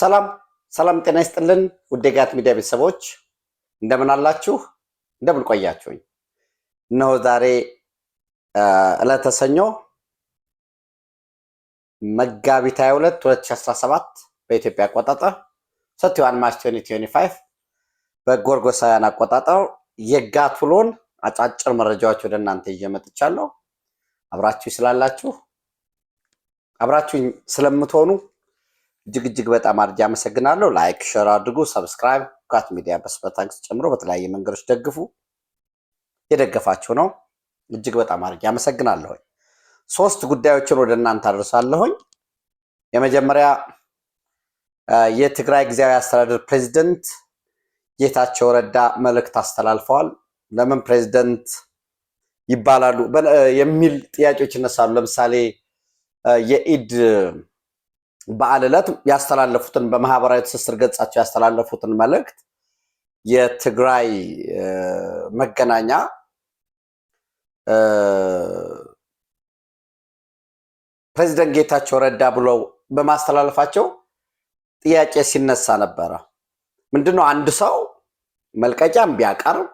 ሰላም ሰላም፣ ጤና ይስጥልን ውድ የጋት ሚዲያ ቤተሰቦች እንደምን አላችሁ? እንደምን ቆያችሁኝ? እነሆ ዛሬ ዕለተ ሰኞ መጋቢት 22 2017 በኢትዮጵያ አቆጣጠር ሰቲዋን ማች 2025 በጎርጎሳውያን አቆጣጠር የጋት ውሎን አጫጭር መረጃዎች ወደ እናንተ እየመጥቻለሁ። አብራችሁ ስላላችሁ አብራችሁኝ ስለምትሆኑ እጅግ እጅግ በጣም አድርጌ አመሰግናለሁ። ላይክ ሸር አድርጉ፣ ሰብስክራይብ ሁካት ሚዲያ በሱፐር ጨምሮ በተለያየ መንገዶች ደግፉ። የደገፋችሁ ነው እጅግ በጣም አድርጌ አመሰግናለሁኝ። ሶስት ጉዳዮችን ወደ እናንተ አድርሳለሁኝ የመጀመሪያ የትግራይ ጊዜያዊ አስተዳደር ፕሬዚደንት ጌታቸው ረዳ መልእክት አስተላልፈዋል። ለምን ፕሬዚደንት ይባላሉ የሚል ጥያቄዎች ይነሳሉ። ለምሳሌ የኢድ በዓል ዕለት ያስተላለፉትን በማህበራዊ ትስስር ገጻቸው ያስተላለፉትን መልእክት የትግራይ መገናኛ ፕሬዚደንት ጌታቸው ረዳ ብለው በማስተላለፋቸው ጥያቄ ሲነሳ ነበረ። ምንድነው አንድ ሰው መልቀቂያም ቢያቀርብ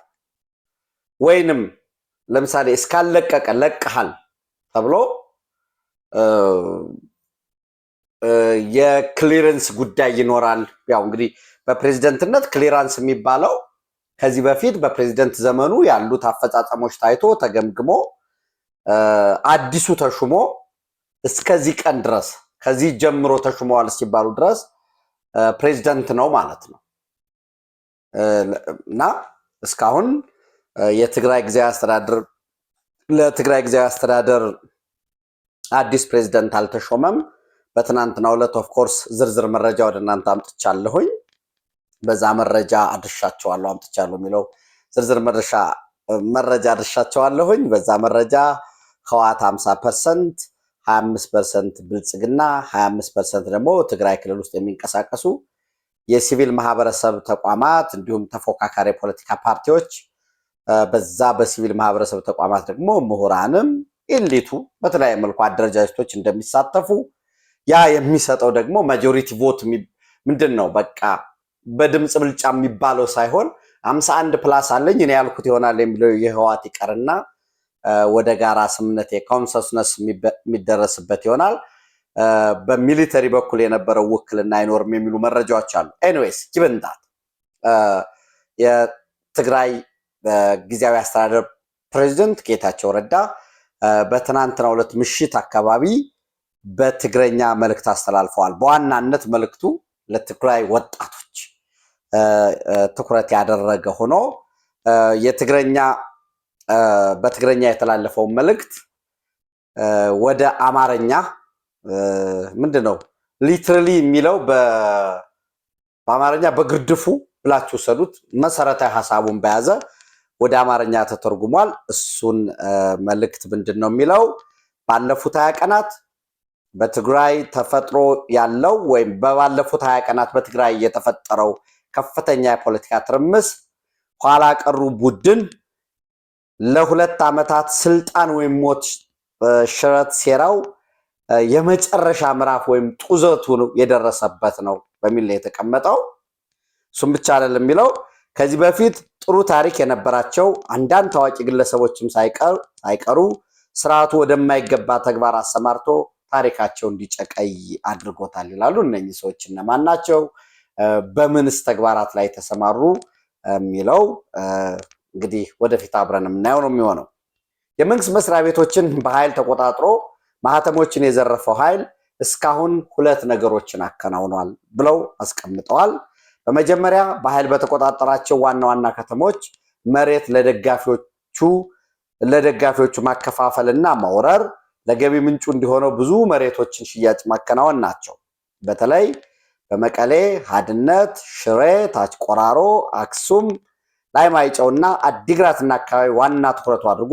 ወይንም ለምሳሌ እስካለቀቀ ለቀሃል ተብሎ የክሊረንስ ጉዳይ ይኖራል። ያው እንግዲህ በፕሬዝደንትነት ክሊራንስ የሚባለው ከዚህ በፊት በፕሬዝደንት ዘመኑ ያሉት አፈጻጸሞች ታይቶ ተገምግሞ አዲሱ ተሹሞ እስከዚህ ቀን ድረስ ከዚህ ጀምሮ ተሹመዋል ሲባሉ ድረስ ፕሬዝደንት ነው ማለት ነው እና እስካሁን የትግራይ ጊዜያዊ አስተዳደር ለትግራይ ጊዜያዊ አስተዳደር አዲስ ፕሬዝደንት አልተሾመም። በትናንትናው ዕለት ኦፍ ኮርስ ዝርዝር መረጃ ወደ እናንተ አምጥቻለሁኝ። በዛ መረጃ አድርሻቸዋለሁ አምጥቻለሁ የሚለው ዝርዝር መረጃ አድርሻቸዋለሁኝ። በዛ መረጃ ህወሓት 50 ፐርሰንት 25 ፐርሰንት ብልጽግና 25 ፐርሰንት ደግሞ ትግራይ ክልል ውስጥ የሚንቀሳቀሱ የሲቪል ማህበረሰብ ተቋማት እንዲሁም ተፎካካሪ የፖለቲካ ፓርቲዎች በዛ በሲቪል ማህበረሰብ ተቋማት ደግሞ ምሁራንም ኢሊቱ በተለያየ መልኩ አደረጃጀቶች እንደሚሳተፉ ያ የሚሰጠው ደግሞ ማጆሪቲ ቮት ምንድን ነው? በቃ በድምፅ ብልጫ የሚባለው ሳይሆን አምሳ አንድ ፕላስ አለኝ እኔ ያልኩት ይሆናል የሚለው የህዋት ይቀርና ወደ ጋራ ስምነት የኮንሰንሰስ የሚደረስበት ይሆናል። በሚሊተሪ በኩል የነበረው ውክልና አይኖርም የሚሉ መረጃዎች አሉ። ኤኒዌይስ ኪብንታት የትግራይ ጊዜያዊ አስተዳደር ፕሬዚደንት ጌታቸው ረዳ በትናንትናው ዕለት ምሽት አካባቢ በትግረኛ መልእክት አስተላልፈዋል። በዋናነት መልእክቱ ለትግራይ ወጣቶች ትኩረት ያደረገ ሆኖ የትግረኛ በትግረኛ የተላለፈውን መልእክት ወደ አማርኛ ምንድን ነው ሊትራሊ የሚለው በአማርኛ በግርድፉ ብላችሁ ሰዱት መሰረታዊ ሀሳቡን በያዘ ወደ አማርኛ ተተርጉሟል። እሱን መልእክት ምንድን ነው የሚለው ባለፉት ሀያ ቀናት በትግራይ ተፈጥሮ ያለው ወይም በባለፉት ሀያ ቀናት በትግራይ የተፈጠረው ከፍተኛ የፖለቲካ ትርምስ ኋላ ቀሩ ቡድን ለሁለት ዓመታት ስልጣን ወይም ሞት ሽረት ሴራው የመጨረሻ ምዕራፍ ወይም ጡዘቱ የደረሰበት ነው በሚል ነው የተቀመጠው። እሱም ብቻ አይደለም የሚለው ከዚህ በፊት ጥሩ ታሪክ የነበራቸው አንዳንድ ታዋቂ ግለሰቦችም ሳይቀሩ ስርዓቱ ወደማይገባ ተግባር አሰማርቶ ታሪካቸው እንዲጨቀይ አድርጎታል ይላሉ። እነኚህ ሰዎች እነማን ናቸው? በምንስ ተግባራት ላይ ተሰማሩ? የሚለው እንግዲህ ወደፊት አብረን የምናየው ነው የሚሆነው። የመንግስት መስሪያ ቤቶችን በኃይል ተቆጣጥሮ ማህተሞችን የዘረፈው ኃይል እስካሁን ሁለት ነገሮችን አከናውኗል ብለው አስቀምጠዋል። በመጀመሪያ በኃይል በተቆጣጠራቸው ዋና ዋና ከተሞች መሬት ለደጋፊዎቹ ለደጋፊዎቹ ማከፋፈልና ማውረር ለገቢ ምንጩ እንዲሆነው ብዙ መሬቶችን ሽያጭ ማከናወን ናቸው። በተለይ በመቀሌ፣ ሀድነት፣ ሽሬ፣ ታች ቆራሮ፣ አክሱም፣ ላይ ማይጨውና አዲግራትና አካባቢ ዋና ትኩረቱ አድርጎ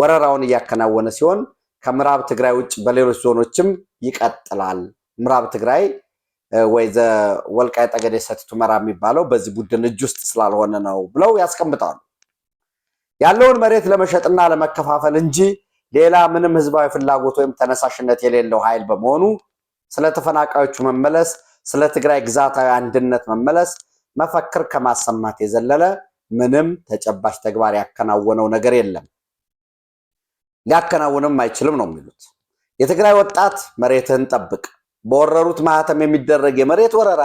ወረራውን እያከናወነ ሲሆን ከምዕራብ ትግራይ ውጭ በሌሎች ዞኖችም ይቀጥላል። ምዕራብ ትግራይ ወይ ወልቃይ ጠገዴ ሰቲት ሁመራ የሚባለው በዚህ ቡድን እጅ ውስጥ ስላልሆነ ነው ብለው ያስቀምጣሉ። ያለውን መሬት ለመሸጥና ለመከፋፈል እንጂ ሌላ ምንም ህዝባዊ ፍላጎት ወይም ተነሳሽነት የሌለው ኃይል በመሆኑ ስለ ተፈናቃዮቹ መመለስ፣ ስለ ትግራይ ግዛታዊ አንድነት መመለስ መፈክር ከማሰማት የዘለለ ምንም ተጨባጭ ተግባር ያከናወነው ነገር የለም፣ ሊያከናውንም አይችልም ነው የሚሉት። የትግራይ ወጣት መሬትህን ጠብቅ፣ በወረሩት ማህተም የሚደረግ የመሬት ወረራ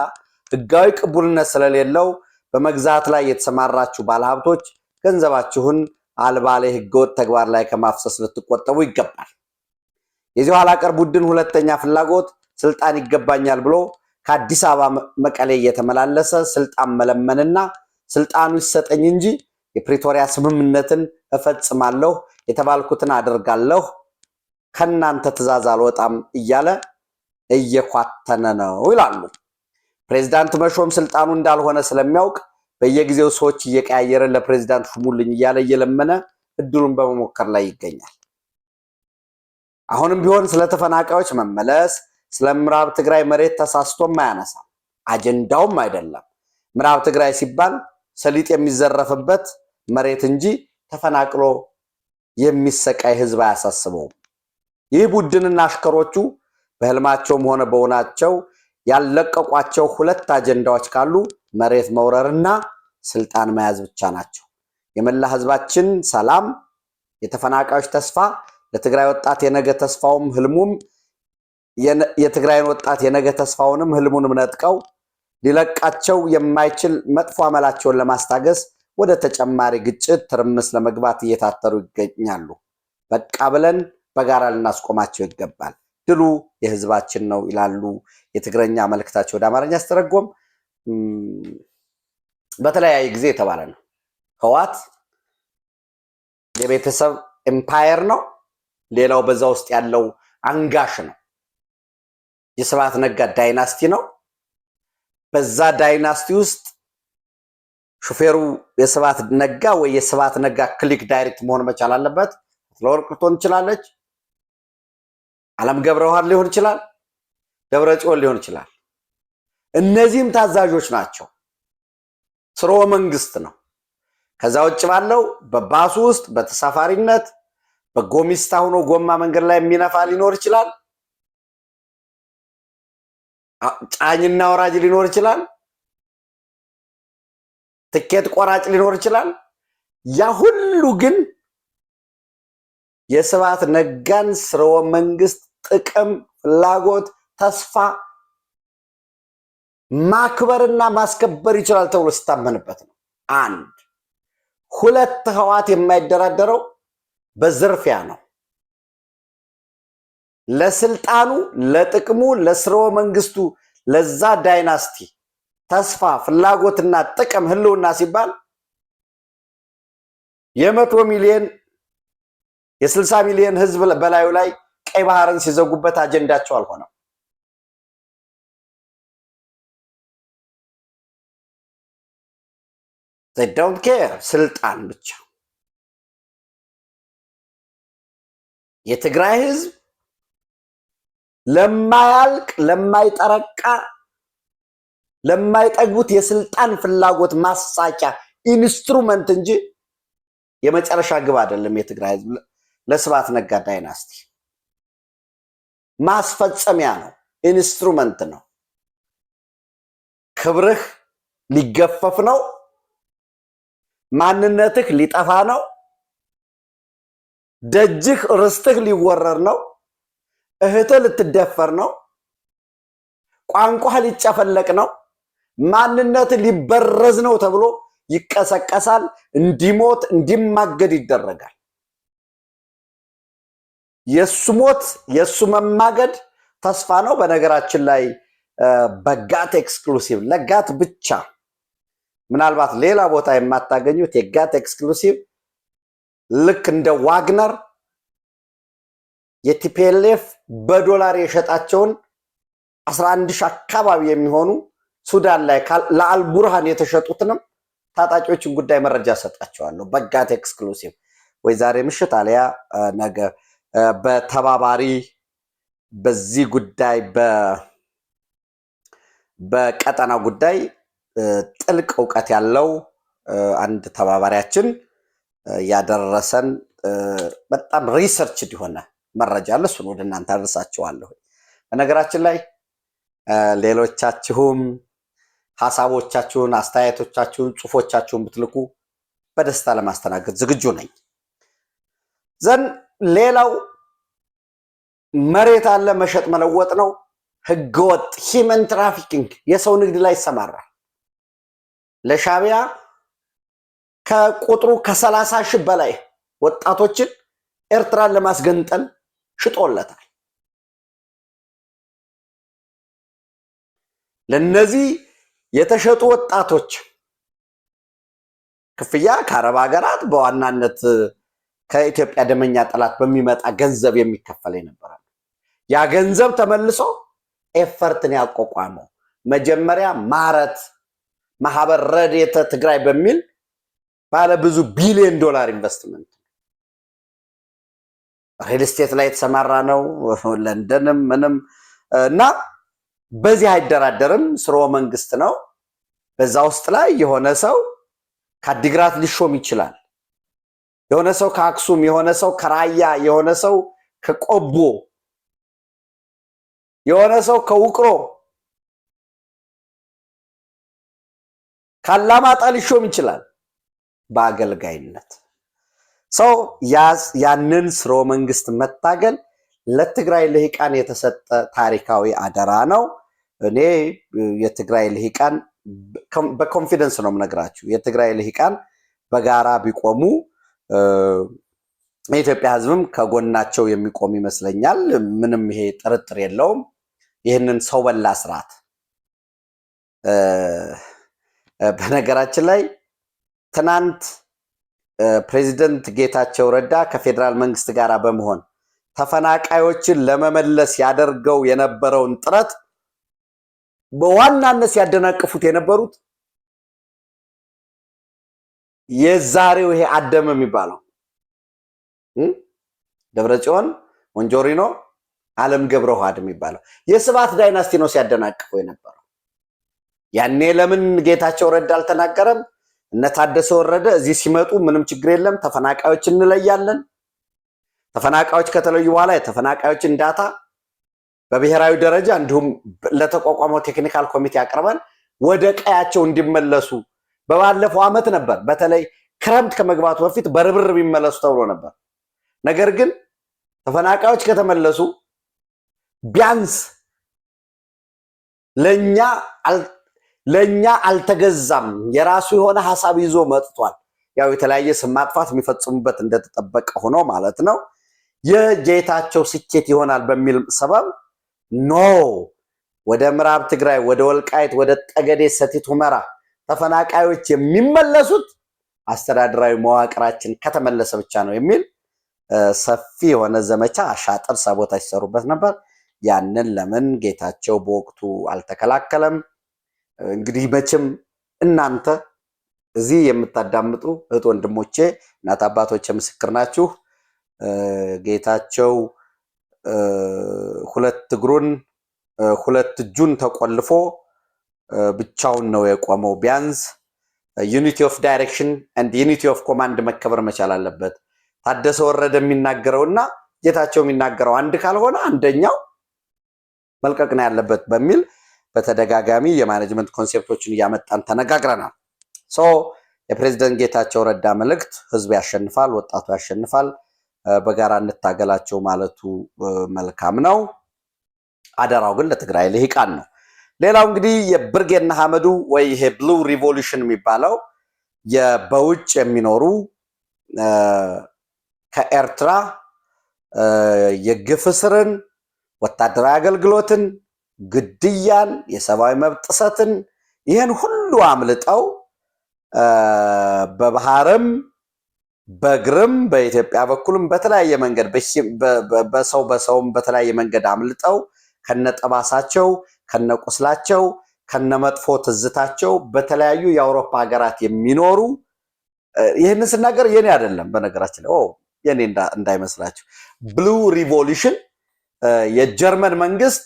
ህጋዊ ቅቡልነት ስለሌለው በመግዛት ላይ የተሰማራችሁ ባለሀብቶች ገንዘባችሁን አልባሌ ህገወጥ ተግባር ላይ ከማፍሰስ ልትቆጠቡ ይገባል። የዚህ ኋላ ቀር ቡድን ሁለተኛ ፍላጎት ስልጣን ይገባኛል ብሎ ከአዲስ አበባ መቀሌ እየተመላለሰ ስልጣን መለመንና ስልጣኑ ይሰጠኝ እንጂ የፕሪቶሪያ ስምምነትን እፈጽማለሁ፣ የተባልኩትን አደርጋለሁ፣ ከእናንተ ትዕዛዝ አልወጣም እያለ እየኳተነ ነው ይላሉ። ፕሬዚዳንት መሾም ስልጣኑ እንዳልሆነ ስለሚያውቅ በየጊዜው ሰዎች እየቀያየረ ለፕሬዚዳንት ሹሙልኝ እያለ እየለመነ እድሉን በመሞከር ላይ ይገኛል። አሁንም ቢሆን ስለ ተፈናቃዮች መመለስ፣ ስለ ምዕራብ ትግራይ መሬት ተሳስቶም አያነሳም፣ አጀንዳውም አይደለም። ምዕራብ ትግራይ ሲባል ሰሊጥ የሚዘረፍበት መሬት እንጂ ተፈናቅሎ የሚሰቃይ ህዝብ አያሳስበውም። ይህ ቡድንና አሽከሮቹ በህልማቸውም ሆነ በውናቸው ያልለቀቋቸው ሁለት አጀንዳዎች ካሉ መሬት መውረርና ስልጣን መያዝ ብቻ ናቸው። የመላ ህዝባችን ሰላም፣ የተፈናቃዮች ተስፋ፣ ለትግራይ ወጣት የነገ ተስፋውም ህልሙም የትግራይን ወጣት የነገ ተስፋውንም ህልሙንም ነጥቀው ሊለቃቸው የማይችል መጥፎ አመላቸውን ለማስታገስ ወደ ተጨማሪ ግጭት፣ ትርምስ ለመግባት እየታተሩ ይገኛሉ። በቃ ብለን በጋራ ልናስቆማቸው ይገባል። ድሉ የህዝባችን ነው ይላሉ የትግረኛ መልእክታቸው ወደ አማርኛ አስተረጎም በተለያየ ጊዜ የተባለ ነው። ህዋት የቤተሰብ ኤምፓየር ነው። ሌላው በዛ ውስጥ ያለው አንጋሽ ነው። የስብሐት ነጋ ዳይናስቲ ነው። በዛ ዳይናስቲ ውስጥ ሹፌሩ የስብሐት ነጋ ወይ የስብሐት ነጋ ክሊክ ዳይሬክት መሆን መቻል አለበት። ለወርቅ ልትሆን ትችላለች። አለም ገብረውሃር ሊሆን ይችላል። ደብረ ጽዮን ሊሆን ይችላል። እነዚህም ታዛዦች ናቸው። ስርወ መንግስት ነው። ከዛ ውጭ ባለው በባሱ ውስጥ በተሳፋሪነት በጎሚስታ ሆኖ ጎማ መንገድ ላይ የሚነፋ ሊኖር ይችላል። ጫኝና ወራጅ ሊኖር ይችላል። ትኬት ቆራጭ ሊኖር ይችላል። ያ ሁሉ ግን የስብሐት ነጋን ስርወ መንግስት ጥቅም፣ ፍላጎት፣ ተስፋ ማክበርና ማስከበር ይችላል ተብሎ ሲታመንበት ነው። አንድ ሁለት ህዋት የማይደራደረው በዝርፊያ ነው። ለስልጣኑ፣ ለጥቅሙ፣ ለስርወ መንግስቱ፣ ለዛ ዳይናስቲ ተስፋ ፍላጎትና ጥቅም ህልውና ሲባል የመቶ ሚሊዮን የስልሳ ሚሊዮን ህዝብ በላዩ ላይ ቀይ ባህርን ሲዘጉበት አጀንዳቸው አልሆነም። ዘይ ዶንት ኬር ስልጣን ብቻ። የትግራይ ህዝብ ለማያልቅ ለማይጠረቃ ለማይጠግቡት የስልጣን ፍላጎት ማሳቂያ ኢንስትሩመንት እንጂ የመጨረሻ ግብ አይደለም። የትግራይ ህዝብ ለስብሐት ነጋ ዳይናስቲ ማስፈጸሚያ ነው፣ ኢንስትሩመንት ነው። ክብርህ ሊገፈፍ ነው። ማንነትህ ሊጠፋ ነው። ደጅህ ርስትህ ሊወረር ነው። እህትህ ልትደፈር ነው። ቋንቋህ ሊጨፈለቅ ነው። ማንነትህ ሊበረዝ ነው ተብሎ ይቀሰቀሳል። እንዲሞት እንዲማገድ ይደረጋል። የእሱ ሞት የእሱ መማገድ ተስፋ ነው። በነገራችን ላይ በጋት ኤክስክሉሲቭ ለጋት ብቻ ምናልባት ሌላ ቦታ የማታገኙት የጋት ኤክስክሉሲቭ ልክ እንደ ዋግነር የቲፒኤልኤፍ በዶላር የሸጣቸውን 11 ሺህ አካባቢ የሚሆኑ ሱዳን ላይ ለአልቡርሃን የተሸጡትንም ታጣቂዎችን ጉዳይ መረጃ ሰጣቸዋለሁ። በጋት ኤክስክሉሲቭ ወይ ዛሬ ምሽት አሊያ ነገ በተባባሪ በዚህ ጉዳይ በቀጠና ጉዳይ ጥልቅ እውቀት ያለው አንድ ተባባሪያችን ያደረሰን በጣም ሪሰርች እንዲሆነ መረጃ አለ። እሱን ወደ እናንተ አደርሳችኋለሁ። በነገራችን ላይ ሌሎቻችሁም ሀሳቦቻችሁን፣ አስተያየቶቻችሁን፣ ጽሁፎቻችሁን ብትልኩ በደስታ ለማስተናገድ ዝግጁ ነኝ። ዘን ሌላው መሬት አለ መሸጥ መለወጥ ነው። ህገወጥ ሂመን ትራፊኪንግ የሰው ንግድ ላይ ይሰማራል። ለሻቢያ ከቁጥሩ ከሰላሳ ሺህ በላይ ወጣቶችን ኤርትራን ለማስገንጠል ሽጦለታል። ለነዚህ የተሸጡ ወጣቶች ክፍያ ከአረብ ሀገራት በዋናነት ከኢትዮጵያ ደመኛ ጠላት በሚመጣ ገንዘብ የሚከፈል የነበረ ያ ገንዘብ ተመልሶ ኤፈርትን ያቋቋመው መጀመሪያ ማረት ማህበር ረዴተ ትግራይ በሚል ባለ ብዙ ቢሊዮን ዶላር ኢንቨስትመንት ሪል ስቴት ላይ የተሰማራ ነው። ለንደንም ምንም እና በዚህ አይደራደርም። ስርወ መንግስት ነው። በዛ ውስጥ ላይ የሆነ ሰው ከአዲግራት ሊሾም ይችላል። የሆነ ሰው ከአክሱም፣ የሆነ ሰው ከራያ፣ የሆነ ሰው ከቆቦ፣ የሆነ ሰው ከውቅሮ ካላማጣ ሊሾም ይችላል በአገልጋይነት ሰው ያንን ስሮ መንግስት መታገል ለትግራይ ልሂቃን የተሰጠ ታሪካዊ አደራ ነው። እኔ የትግራይ ልሂቃን በኮንፊደንስ ነው የምነግራችሁ። የትግራይ ልሂቃን በጋራ ቢቆሙ የኢትዮጵያ ሕዝብም ከጎናቸው የሚቆም ይመስለኛል። ምንም ይሄ ጥርጥር የለውም። ይህንን ሰው በላ ስርዓት በነገራችን ላይ ትናንት ፕሬዚደንት ጌታቸው ረዳ ከፌዴራል መንግስት ጋር በመሆን ተፈናቃዮችን ለመመለስ ያደርገው የነበረውን ጥረት በዋናነት ሲያደናቅፉት የነበሩት የዛሬው ይሄ አደመ የሚባለው ደብረ ጽዮን ወንጆሪኖ አለም ገብረ ውሃድ የሚባለው የስባት ዳይናስቲ ነው ሲያደናቅፉ የነበረው። ያኔ ለምን ጌታቸው ረዳ አልተናገረም? እነ ታደሰ ወረደ እዚህ ሲመጡ ምንም ችግር የለም ተፈናቃዮች እንለያለን። ተፈናቃዮች ከተለዩ በኋላ የተፈናቃዮች እንዳታ በብሔራዊ ደረጃ እንዲሁም ለተቋቋመው ቴክኒካል ኮሚቴ አቅርበን ወደ ቀያቸው እንዲመለሱ በባለፈው ዓመት ነበር። በተለይ ክረምት ከመግባቱ በፊት በርብርብ ይመለሱ ተብሎ ነበር። ነገር ግን ተፈናቃዮች ከተመለሱ ቢያንስ ለእኛ ለእኛ አልተገዛም። የራሱ የሆነ ሀሳብ ይዞ መጥቷል። ያው የተለያየ ስም ማጥፋት የሚፈጽሙበት እንደተጠበቀ ሆኖ ማለት ነው። የጌታቸው ስኬት ይሆናል በሚል ሰበብ ኖ ወደ ምዕራብ ትግራይ፣ ወደ ወልቃይት፣ ወደ ጠገዴ፣ ሰቲት ሁመራ ተፈናቃዮች የሚመለሱት አስተዳደራዊ መዋቅራችን ከተመለሰ ብቻ ነው የሚል ሰፊ የሆነ ዘመቻ አሻጥር፣ ሰቦታ ሲሰሩበት ነበር። ያንን ለምን ጌታቸው በወቅቱ አልተከላከለም? እንግዲህ መቼም እናንተ እዚህ የምታዳምጡ እህት ወንድሞቼ፣ እናት አባቶች ምስክር ናችሁ። ጌታቸው ሁለት እግሩን ሁለት እጁን ተቆልፎ ብቻውን ነው የቆመው። ቢያንስ ዩኒቲ ኦፍ ዳይሬክሽን ኤንድ ዩኒቲ ኦፍ ኮማንድ መከበር መቻል አለበት። ታደሰ ወረደ እና ጌታቸው የሚናገረው አንድ ካልሆነ አንደኛው መልቀቅ ነው ያለበት በሚል በተደጋጋሚ የማኔጅመንት ኮንሴፕቶችን እያመጣን ተነጋግረናል። የፕሬዝደንት ጌታቸው ረዳ መልእክት ህዝብ ያሸንፋል፣ ወጣቱ ያሸንፋል፣ በጋራ እንታገላቸው ማለቱ መልካም ነው። አደራው ግን ለትግራይ ልሂቃን ነው። ሌላው እንግዲህ የብርጌና ንሓመዱ ወይ ይሄ ብሉ ሪቮሉሽን የሚባለው በውጭ የሚኖሩ ከኤርትራ የግፍ እስርን፣ ወታደራዊ አገልግሎትን፣ ግድያን፣ የሰብአዊ መብት ጥሰትን ይህን ሁሉ አምልጠው በባህርም በእግርም በኢትዮጵያ በኩልም በተለያየ መንገድ በሰው በሰውም በተለያየ መንገድ አምልጠው ከነጠባሳቸው ከነቁስላቸው ከነመጥፎ ትዝታቸው በተለያዩ የአውሮፓ ሀገራት የሚኖሩ ይህንን ስናገር የኔ አይደለም፣ በነገራችን ላይ የኔ እንዳይመስላችሁ ብሉ ሪቮሉሽን የጀርመን መንግስት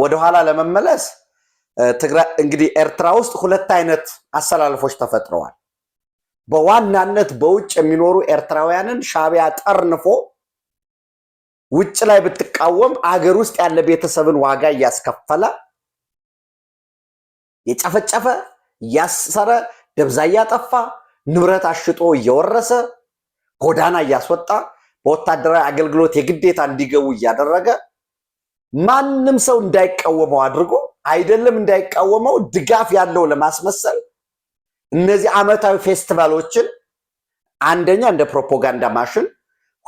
ወደኋላ ለመመለስ እንግዲህ ኤርትራ ውስጥ ሁለት አይነት አሰላለፎች ተፈጥረዋል። በዋናነት በውጭ የሚኖሩ ኤርትራውያንን ሻቢያ ጠርንፎ ውጭ ላይ ብትቃወም አገር ውስጥ ያለ ቤተሰብን ዋጋ እያስከፈለ የጨፈጨፈ እያሰረ ደብዛ እያጠፋ ንብረት አሽጦ እየወረሰ ጎዳና እያስወጣ በወታደራዊ አገልግሎት የግዴታ እንዲገቡ እያደረገ ማንም ሰው እንዳይቃወመው አድርጎ አይደለም እንዳይቃወመው ድጋፍ ያለው ለማስመሰል እነዚህ ዓመታዊ ፌስቲቫሎችን አንደኛ እንደ ፕሮፓጋንዳ ማሽን፣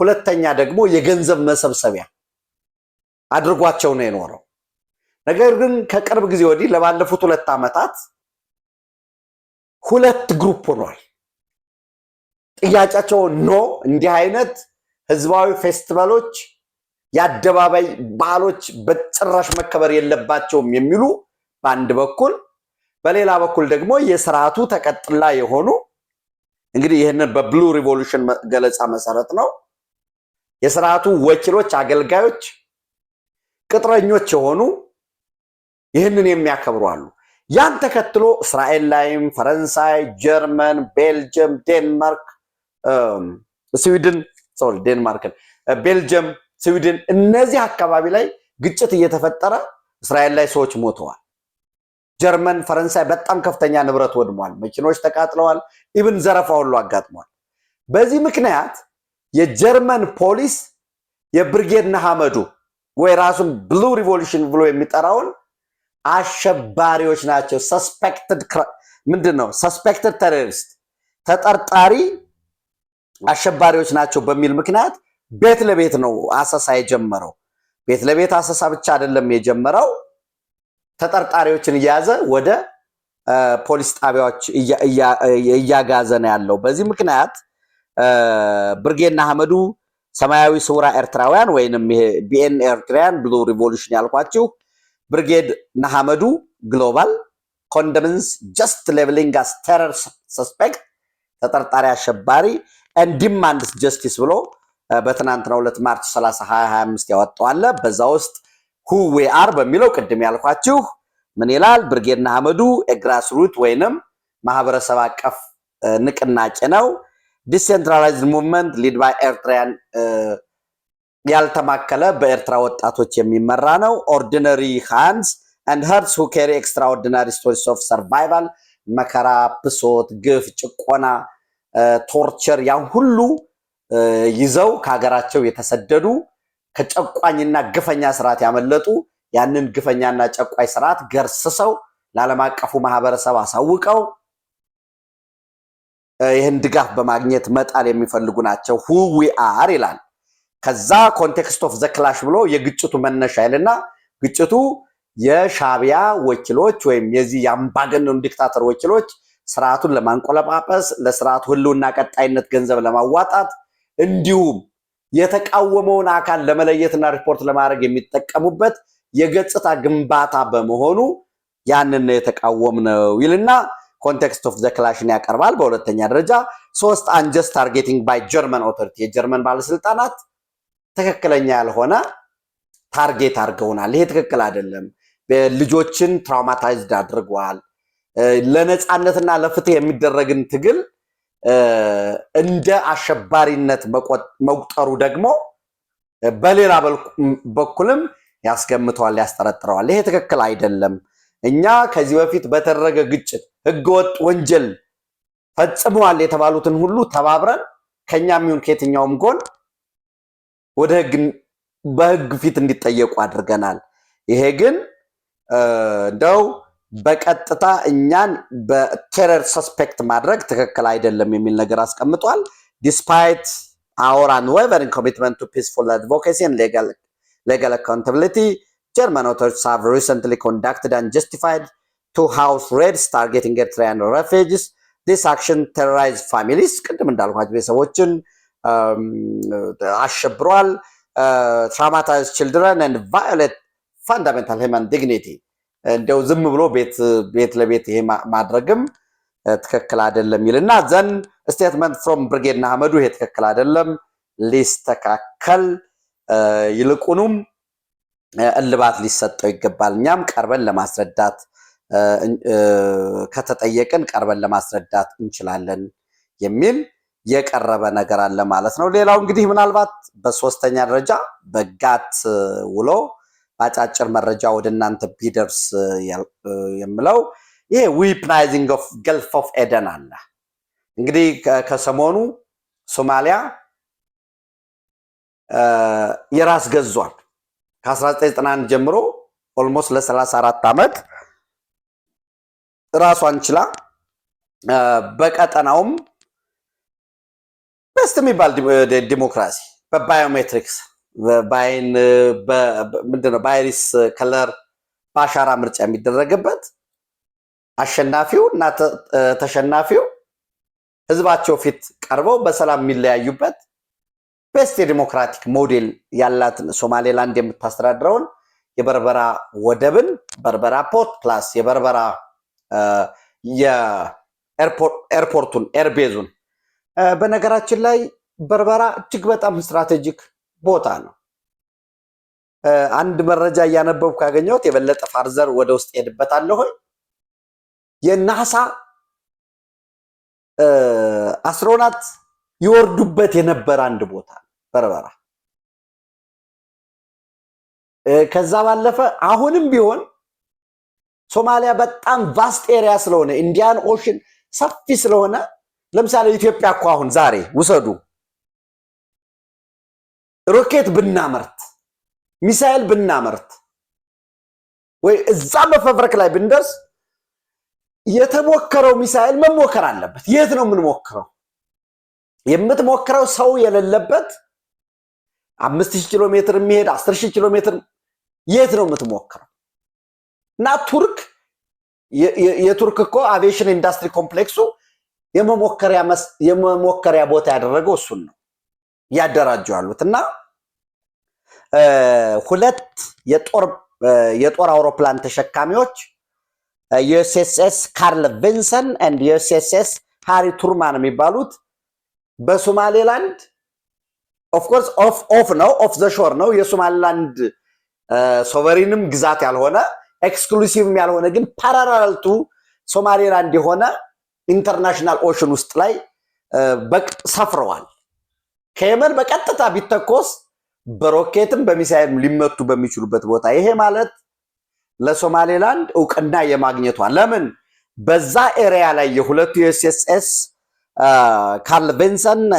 ሁለተኛ ደግሞ የገንዘብ መሰብሰቢያ አድርጓቸው ነው የኖረው። ነገር ግን ከቅርብ ጊዜ ወዲህ ለባለፉት ሁለት ዓመታት ሁለት ግሩፕ ሆኗል። ጥያቄያቸው ኖ እንዲህ አይነት ህዝባዊ ፌስቲቫሎች የአደባባይ ባህሎች በጭራሽ መከበር የለባቸውም የሚሉ በአንድ በኩል፣ በሌላ በኩል ደግሞ የስርዓቱ ተቀጥላ የሆኑ እንግዲህ ይህንን በብሉ ሪቮሉሽን ገለጻ መሰረት ነው የስርዓቱ ወኪሎች፣ አገልጋዮች፣ ቅጥረኞች የሆኑ ይህንን የሚያከብሩ አሉ። ያን ተከትሎ እስራኤል ላይም ፈረንሳይ፣ ጀርመን፣ ቤልጅየም፣ ዴንማርክ፣ ስዊድን ሶሪ ዴንማርክን ቤልጅየም ስዊድን፣ እነዚህ አካባቢ ላይ ግጭት እየተፈጠረ እስራኤል ላይ ሰዎች ሞተዋል። ጀርመን፣ ፈረንሳይ በጣም ከፍተኛ ንብረት ወድሟል። መኪኖች ተቃጥለዋል። ኢብን ዘረፋ ሁሉ አጋጥሟል። በዚህ ምክንያት የጀርመን ፖሊስ የብርጌድ ነሐመዱ ወይ ራሱን ብሉ ሪቮሉሽን ብሎ የሚጠራውን አሸባሪዎች ናቸው ሰስፔክትድ ምንድን ነው ሰስፔክትድ ቴሮሪስት ተጠርጣሪ አሸባሪዎች ናቸው በሚል ምክንያት ቤት ለቤት ነው አሰሳ የጀመረው። ቤት ለቤት አሰሳ ብቻ አይደለም የጀመረው፣ ተጠርጣሪዎችን እየያዘ ወደ ፖሊስ ጣቢያዎች እያጋዘ ነው ያለው። በዚህ ምክንያት ብርጌና አህመዱ ሰማያዊ ስውራ ኤርትራውያን ወይንም ይሄ ቢኤን ኤርትራያን ብሉ ሪቮሉሽን ያልኳችሁ ብርጌድ ናሐመዱ ግሎባል ኮንደምንስ ጀስት ሌቭሊንግ አስ ቴረር ሰስፔክት ተጠርጣሪ አሸባሪ እንዲማንድስ ጀስቲስ ብሎ በትናንትና ሁለት ማርች 30 2025 ያወጣው አለ። በዛ ውስጥ ሁዌ አር በሚለው ቅድም ያልኳችሁ ምን ይላል? ብርጌና አህመዱ የግራስ ሩት ወይንም ማህበረሰብ አቀፍ ንቅናቄ ነው። ዲሴንትራላይዝድ ሙቭመንት ሊድ ባይ ኤርትራያን ያልተማከለ በኤርትራ ወጣቶች የሚመራ ነው። ኦርዲነሪ ሃንድስ አንድ ሀርትስ ሁ ካሪ ኤክስትራኦርዲናሪ ስቶሪስ ኦፍ ሰርቫይቫል መከራ፣ ብሶት፣ ግፍ፣ ጭቆና፣ ቶርቸር ያን ሁሉ ይዘው ከሀገራቸው የተሰደዱ ከጨቋኝና ግፈኛ ስርዓት ያመለጡ ያንን ግፈኛና ጨቋኝ ስርዓት ገርስሰው ለዓለም አቀፉ ማህበረሰብ አሳውቀው ይህን ድጋፍ በማግኘት መጣል የሚፈልጉ ናቸው። ሁ ዊ አር ይላል። ከዛ ኮንቴክስት ኦፍ ዘክላሽ ብሎ የግጭቱ መነሻ ይልና ግጭቱ የሻቢያ ወኪሎች ወይም የዚህ የአምባገነኑ ዲክታተር ወኪሎች ስርዓቱን ለማንቆለጳጰስ ለስርዓቱ ህልውና ቀጣይነት ገንዘብ ለማዋጣት እንዲሁም የተቃወመውን አካል ለመለየትና ሪፖርት ለማድረግ የሚጠቀሙበት የገጽታ ግንባታ በመሆኑ ያንን የተቃወም ነው ይልና ኮንቴክስት ኦፍ ዘ ክላሽን ያቀርባል። በሁለተኛ ደረጃ ሶስት አንጀስ ታርጌቲንግ ባይ ጀርመን ኦቶሪቲ የጀርመን ባለስልጣናት ትክክለኛ ያልሆነ ታርጌት አድርገውናል፣ ይሄ ትክክል አይደለም፣ ልጆችን ትራውማታይዝድ አድርገዋል፣ ለነፃነትና ለፍትህ የሚደረግን ትግል እንደ አሸባሪነት መቁጠሩ ደግሞ በሌላ በኩልም ያስገምተዋል፣ ያስጠረጥረዋል። ይሄ ትክክል አይደለም። እኛ ከዚህ በፊት በተደረገ ግጭት ህገወጥ ወንጀል ፈጽመዋል የተባሉትን ሁሉ ተባብረን ከኛ የሚሆን ከየትኛውም ጎን ወደ ህግ በህግ ፊት እንዲጠየቁ አድርገናል። ይሄ ግን እንደው በቀጥታ እኛን በቴረር ሰስፔክት ማድረግ ትክክል አይደለም የሚል ነገር አስቀምጧል። ዲስፓይት አወር አንዌቨሪንግ ኮሚትመንት ቱ ፒስፉል አድቮኬሲ ሌጋል አካውንታብሊቲ ጀርመን ኦቶሪቲስ ሃቭ ሪሰንትሊ ኮንዳክትድ አን ጀስቲፋይድ ቱ ሃውስ ሬድስ ታርጌቲንግ ኤርትራያን ረፌጅስ ዲስ አክሽን ቴሮራይዝ ፋሚሊስ ቅድም እንዳልኳቸው ቤተሰቦችን um, አሸብሯል፣ ትራማታይዝ ችልድረን ቫዮሌት ፋንዳሜንታል ሂማን ዲግኒቲ እንደው ዝም ብሎ ቤት ለቤት ይሄ ማድረግም ትክክል አይደለም ይልና ዘን ስቴትመንት ፍሮም ብርጌድና አህመዱ ይሄ ትክክል አይደለም፣ ሊስተካከል ይልቁኑም እልባት ሊሰጠው ይገባል። እኛም ቀርበን ለማስረዳት ከተጠየቅን ቀርበን ለማስረዳት እንችላለን የሚል የቀረበ ነገር አለ ማለት ነው። ሌላው እንግዲህ ምናልባት በሶስተኛ ደረጃ በጋት ውሎ በአጫጭር መረጃ ወደ እናንተ ቢደርስ የምለው ይሄ ዊፕናይዚንግ ኦፍ ገልፍ ኦፍ ኤደን አለ። እንግዲህ ከሰሞኑ ሶማሊያ የራስ ገዟል ከ1991 ጀምሮ ኦልሞስት ለ34 ዓመት ራሷን ችላ በቀጠናውም በስት የሚባል ዲሞክራሲ በባዮሜትሪክስ በአይን uh, ምንድነው በአይሪስ uh, ከለር በአሻራ ምርጫ የሚደረግበት አሸናፊው እና uh, ተሸናፊው ህዝባቸው ፊት ቀርበው በሰላም የሚለያዩበት ቤስት የዲሞክራቲክ ሞዴል ያላትን ሶማሌላንድ የምታስተዳድረውን የበርበራ ወደብን በርበራ ፖርት ፕላስ የበርበራ የኤርፖርቱን ኤርቤዙን በነገራችን ላይ በርበራ እጅግ በጣም ስትራቴጂክ ቦታ ነው። አንድ መረጃ እያነበብኩ ያገኘሁት የበለጠ ፋርዘር ወደ ውስጥ ሄድበታለሁ። የናሳ አስትሮናት ይወርዱበት የነበረ አንድ ቦታ በርበራ። ከዛ ባለፈ አሁንም ቢሆን ሶማሊያ በጣም ቫስት ኤሪያ ስለሆነ ኢንዲያን ኦሽን ሰፊ ስለሆነ ለምሳሌ ኢትዮጵያ እኮ አሁን ዛሬ ውሰዱ ሮኬት ብናመርት፣ ሚሳኤል ብናመርት ወይ እዛ መፈብረክ ላይ ብንደርስ የተሞከረው ሚሳኤል መሞከር አለበት። የት ነው የምንሞክረው? የምትሞክረው ሰው የሌለበት አምስት ሺህ ኪሎ ሜትር የሚሄድ አስር ሺህ ኪሎ ሜትር የት ነው የምትሞክረው? እና ቱርክ የቱርክ እኮ አቪዬሽን ኢንዱስትሪ ኮምፕሌክሱ የመሞከሪያ ቦታ ያደረገው እሱን ነው። ያደራጁ ያሉት እና ሁለት የጦር አውሮፕላን ተሸካሚዎች ዩኤስኤስ ካርል ቪንሰን ኤንድ ዩኤስኤስ ሃሪ ቱርማን የሚባሉት በሶማሌላንድ ኦፍኮርስ ኦፍ ነው ኦፍ ዘ ሾር ነው የሶማሌላንድ ሶቨሪንም ግዛት ያልሆነ ኤክስክሉሲቭም ያልሆነ ግን ፓራራል ቱ ሶማሌላንድ የሆነ ኢንተርናሽናል ኦሽን ውስጥ ላይ ሰፍረዋል። ከየመን በቀጥታ ቢተኮስ በሮኬትም በሚሳይልም ሊመቱ በሚችሉበት ቦታ ይሄ ማለት ለሶማሌላንድ እውቅና የማግኘቷ ለምን በዛ ኤሪያ ላይ የሁለቱ የኤስኤስኤስ ካርል ቬንሰን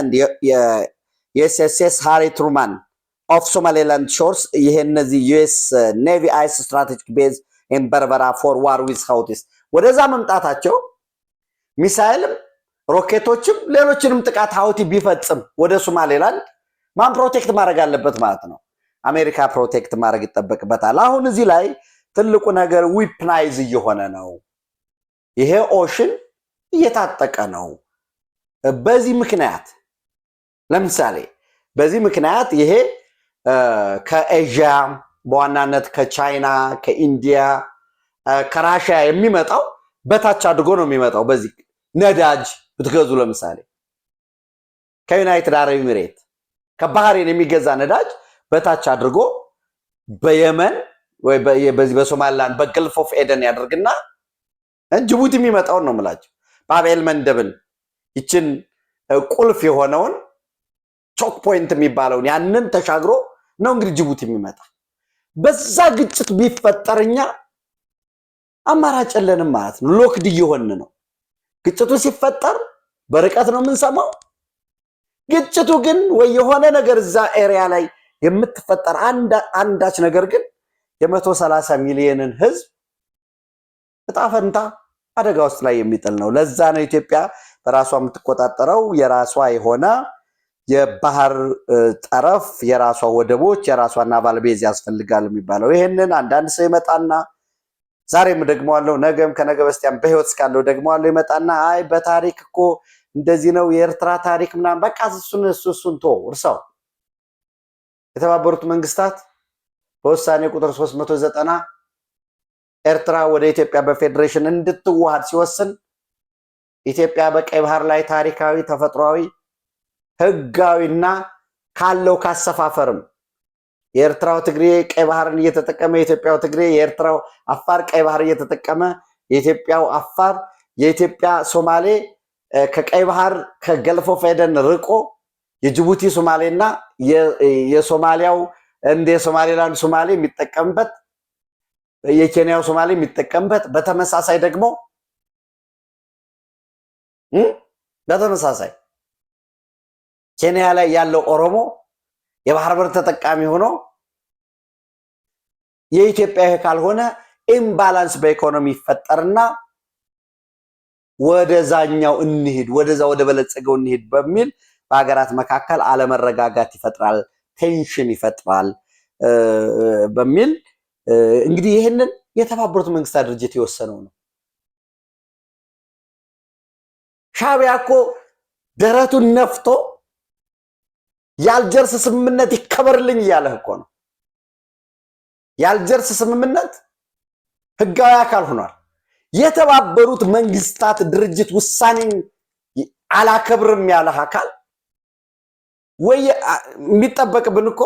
የኤስኤስኤስ ሃሪ ትሩማን ኦፍ ሶማሌላንድ ሾርስ ይሄ እነዚህ ዩኤስ ኔቪ አይስ ስትራቴጂክ ቤዝ ኤምበርበራ ፎር ዋር ዊዝ ሀውቲስ ወደዛ መምጣታቸው ሚሳይልም ሮኬቶችም ሌሎችንም ጥቃት ሀውቲ ቢፈጽም ወደ ሶማሌላንድ ማን ፕሮቴክት ማድረግ አለበት ማለት ነው? አሜሪካ ፕሮቴክት ማድረግ ይጠበቅበታል። አሁን እዚህ ላይ ትልቁ ነገር ዊፕናይዝ እየሆነ ነው። ይሄ ኦሽን እየታጠቀ ነው። በዚህ ምክንያት ለምሳሌ በዚህ ምክንያት ይሄ ከኤዥያ በዋናነት ከቻይና፣ ከኢንዲያ፣ ከራሽያ የሚመጣው በታች አድርጎ ነው የሚመጣው በዚህ ነዳጅ ብትገዙ ለምሳሌ ከዩናይትድ አረብ ኤሚሬት ከባህሬን የሚገዛ ነዳጅ በታች አድርጎ በየመን ወይ በዚህ በሶማሊላንድ በገልፍ ኦፍ ኤደን ያደርግና ጅቡቲ የሚመጣውን ነው የምላቸው። በአብኤል መንደብን ይችን ቁልፍ የሆነውን ቾክ ፖይንት የሚባለውን ያንን ተሻግሮ ነው እንግዲህ ጅቡቲ የሚመጣ። በዛ ግጭት ቢፈጠር እኛ አማራጭ የለንም ማለት ነው። ሎክድ እየሆን ነው። ግጭቱ ሲፈጠር በርቀት ነው የምንሰማው። ግጭቱ ግን ወይ የሆነ ነገር እዛ ኤሪያ ላይ የምትፈጠር አንዳች ነገር ግን የመቶ ሰላሳ ሚሊዮንን ህዝብ እጣ ፈንታ አደጋ ውስጥ ላይ የሚጥል ነው። ለዛ ነው ኢትዮጵያ በራሷ የምትቆጣጠረው የራሷ የሆነ የባህር ጠረፍ፣ የራሷ ወደቦች፣ የራሷ ናቫል ቤዝ ያስፈልጋል የሚባለው። ይህንን አንዳንድ ሰው ይመጣና ዛሬም ደግመዋለሁ፣ ነገም ከነገ በስቲያም በህይወት እስካለሁ ደግመዋለሁ። ይመጣና አይ በታሪክ እኮ እንደዚህ ነው የኤርትራ ታሪክ ምናምን፣ በቃ እሱን እሱን ቶ እርሳው። የተባበሩት መንግስታት በውሳኔ ቁጥር 390 ኤርትራ ወደ ኢትዮጵያ በፌዴሬሽን እንድትዋሃድ ሲወስን ኢትዮጵያ በቀይ ባህር ላይ ታሪካዊ፣ ተፈጥሯዊ፣ ህጋዊና ካለው ካሰፋፈርም የኤርትራው ትግሬ ቀይ ባህርን እየተጠቀመ የኢትዮጵያው ትግሬ፣ የኤርትራው አፋር ቀይ ባህር እየተጠቀመ የኢትዮጵያው አፋር፣ የኢትዮጵያ ሶማሌ ከቀይ ባህር ከገልፎ ፌደን ርቆ የጅቡቲ ሶማሌና የሶማሊያው እንደ የሶማሌላንድ ሶማሌ የሚጠቀምበት የኬንያው ሶማሌ የሚጠቀምበት በተመሳሳይ ደግሞ በተመሳሳይ ኬንያ ላይ ያለው ኦሮሞ የባህር በር ተጠቃሚ ሆኖ የኢትዮጵያ ይሄ ካልሆነ ኢምባላንስ በኢኮኖሚ ይፈጠርና ወደዛኛው እንሂድ፣ ወደዛ ወደ በለጸገው እንሂድ በሚል በሀገራት መካከል አለመረጋጋት ይፈጥራል፣ ቴንሽን ይፈጥራል በሚል እንግዲህ ይህንን የተባበሩት መንግስታት ድርጅት የወሰነው ነው። ሻቢያ እኮ ደረቱን ነፍቶ የአልጀርስ ስምምነት ይከበርልኝ እያለህ እኮ ነው። የአልጀርስ ስምምነት ህጋዊ አካል ሆኗል። የተባበሩት መንግስታት ድርጅት ውሳኔን አላከብርም ያለህ አካል ወይ የሚጠበቅብን እኮ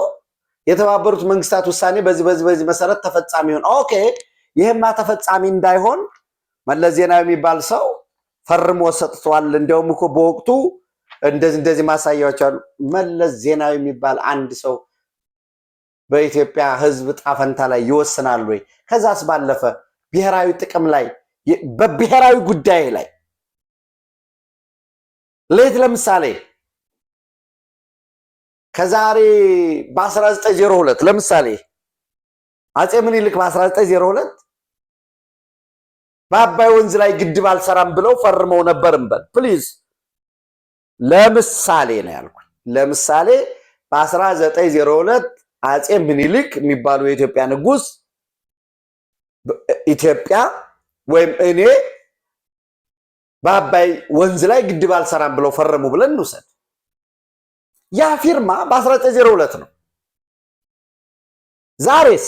የተባበሩት መንግስታት ውሳኔ በዚህ በዚህ በዚህ መሰረት ተፈጻሚ ሆን ኦኬ ይህማ ተፈጻሚ እንዳይሆን መለስ ዜናዊ የሚባል ሰው ፈርሞ ሰጥቷል። እንደውም እኮ በወቅቱ እንደዚህ እንደዚህ ማሳያዎች አሉ። መለስ ዜናዊ የሚባል አንድ ሰው በኢትዮጵያ ሕዝብ ጣፈንታ ላይ ይወስናል ወይ? ከዛስ ባለፈ ብሔራዊ ጥቅም ላይ በብሔራዊ ጉዳይ ላይ ሌት ለምሳሌ ከዛሬ በ1902 ለምሳሌ አጼ ምኒልክ በ1902 በአባይ ወንዝ ላይ ግድብ አልሰራም ብለው ፈርመው ነበር እንበል ፕሊዝ ለምሳሌ ነው ያልኩት። ለምሳሌ በ1902 አጼ ምኒልክ የሚባሉ የኢትዮጵያ ንጉስ ኢትዮጵያ ወይም እኔ በአባይ ወንዝ ላይ ግድብ አልሰራም ብለው ፈረሙ ብለን እንውሰድ። ያ ፊርማ በ1902 ነው። ዛሬስ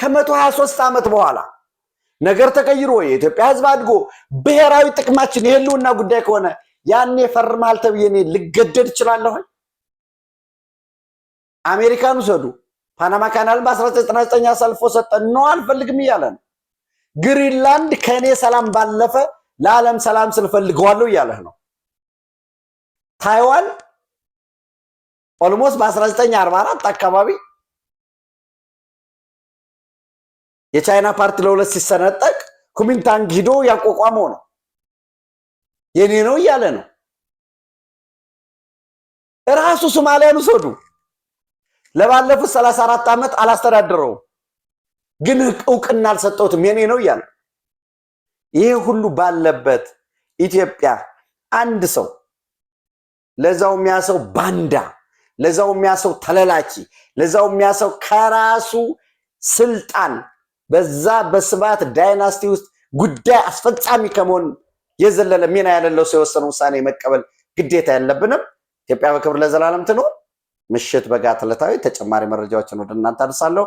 ከ123 ዓመት በኋላ ነገር ተቀይሮ የኢትዮጵያ ሕዝብ አድጎ ብሔራዊ ጥቅማችን የህልውና ጉዳይ ከሆነ ያኔ ፈርመሃል ተብዬ እኔ ልገደድ እችላለሁ? አሜሪካን ውሰዱ። ፓናማ ካናል በ1999 አሳልፎ ሰጠ። ነው አልፈልግም እያለ ነው። ግሪንላንድ ከእኔ ሰላም ባለፈ ለዓለም ሰላም ስልፈልገዋለሁ እያለህ ነው። ታይዋን ኦልሞስት በ1944 አካባቢ የቻይና ፓርቲ ለሁለት ሲሰነጠቅ ኩሚንታንግ ሂዶ ያቋቋመው ነው። የኔ ነው እያለ ነው። እራሱ ሶማሊያን ውሰዱ። ለባለፉት 34 ዓመት አላስተዳደረውም፣ ግን እውቅና አልሰጠውትም። የኔ ነው እያለ ይሄ ሁሉ ባለበት ኢትዮጵያ አንድ ሰው ለዛው የሚያሰው ባንዳ፣ ለዛው የሚያሰው ተለላኪ፣ ለዛው የሚያሰው ከራሱ ስልጣን በዛ በስብሐት ዳይናስቲ ውስጥ ጉዳይ አስፈጻሚ ከመሆን የዘለለ ሚና ያለለው ሰው የወሰነ ውሳኔ መቀበል ግዴታ ያለብንም። ኢትዮጵያ በክብር ለዘላለም ትኑር። ምሽት በጋ ዕለታዊ ተጨማሪ መረጃዎችን ወደ እናንተ አድርሳለሁ።